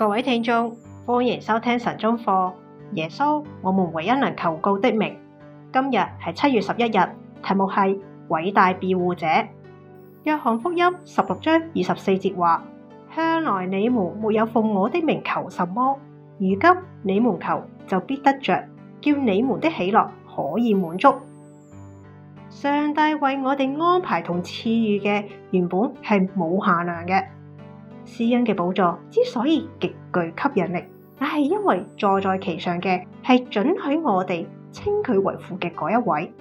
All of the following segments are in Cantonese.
各位聽眾，歡迎收聽晨鐘課。耶穌，我們唯一能求告的名。今日係七月十一日，題目係偉大辯護者。約翰福音十六章二十四節話：向來你們沒有奉我的名求什麼，如今你們求就必得着，叫你們的喜樂可以滿足。上帝為我哋安排同賜予嘅原本係冇限量嘅。施恩嘅寶座之所以極具吸引力，那是因為坐在其上嘅是准許我哋稱佢為父嘅嗰一位。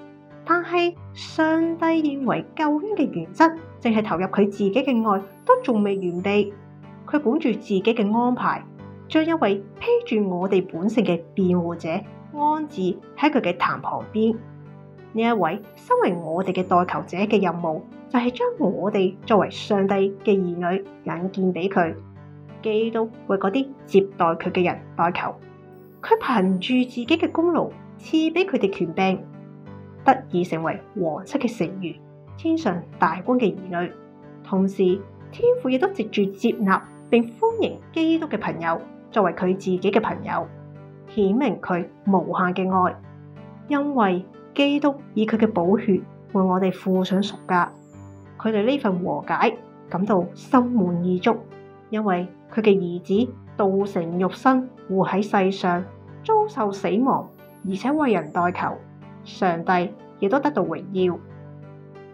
但是上帝認為救恩嘅原則，淨是投入佢自己嘅愛都仲未完備，佢管住自己嘅安排，將一位披住我哋本性嘅辯護者安置喺佢嘅壇旁邊。呢一位身為我哋嘅代求者嘅任務，就係將我哋作為上帝嘅兒女引薦畀佢。基督為嗰啲接待佢嘅人代求，佢憑住自己嘅功勞賜俾佢哋權柄，得以成為王室嘅成員、天上大君嘅兒女。同時，天父亦都藉住接納並歡迎基督嘅朋友作為佢自己嘅朋友，顯明佢無限嘅愛，因為基督以佢嘅寶血為我哋付上贖價，佢對呢份和解感到心滿意足，因為佢嘅兒子道成肉身，活喺世上，遭受死亡，而且為人代求，上帝亦都得到榮耀。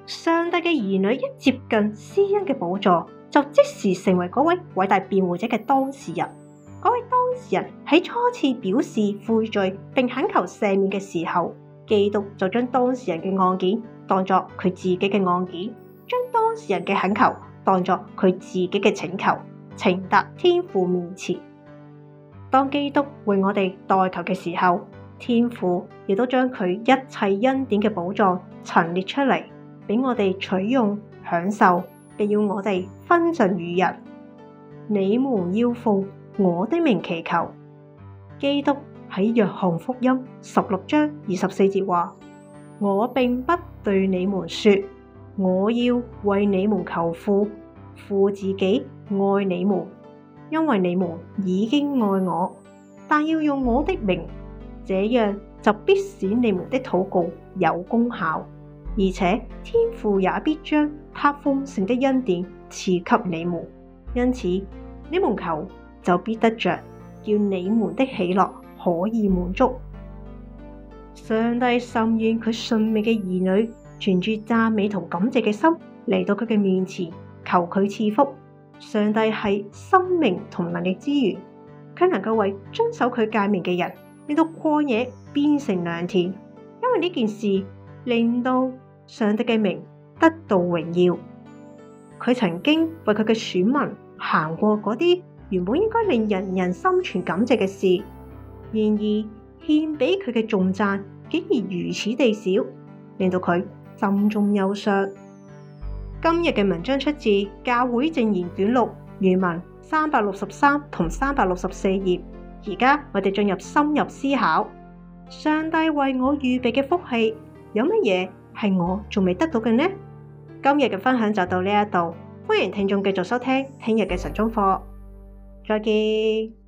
上帝嘅兒女一接近施恩嘅寶座，就即時成為嗰位偉大辯護者嘅當事人。嗰位當事人喺初次表示悔罪並懇求赦免嘅時候，基督就將當事人嘅案件當作佢自己嘅案件，將當事人嘅懇求當作佢自己嘅請求，呈達天父面前。當基督為我哋代求嘅時候，天父亦都將佢一切恩典嘅寶藏陳列出嚟，俾我哋取用享受，亦要我哋分贈與人。你們要，要奉我的名祈求，基督。喺約翰福音十六章二十四節話：我並不對你們說，我要為你們求父，父自己愛你們，因為你們已經愛我。但要用我的名，這樣就必使你們的禱告有功效，而且天父也必將他豐盛的恩典賜給你們。因此你們求就必得着，叫你們的喜樂，可以滿足上帝，甚願佢信命嘅兒女，存住讚美同感謝嘅心嚟到佢嘅面前求佢賜福。上帝係生命同能力之源，佢能夠為遵守佢誡命嘅人令到曠野變成良田，因為呢件事令到上帝嘅名得到榮耀。佢曾經為佢嘅選民行過嗰啲原本應該令人人心存感謝嘅事。然而，獻俾佢嘅重讚竟然如此地少，令到佢心中憂傷。今日嘅文章出自《教會證言卷六》，原文三百六十三同三百六十四頁。而家我哋進入深入思考。上帝為我預備嘅福氣，有乜嘢係我仲未得到嘅呢？今日嘅分享就到呢一度，歡迎聽眾繼續收聽聽日嘅神中課。再見。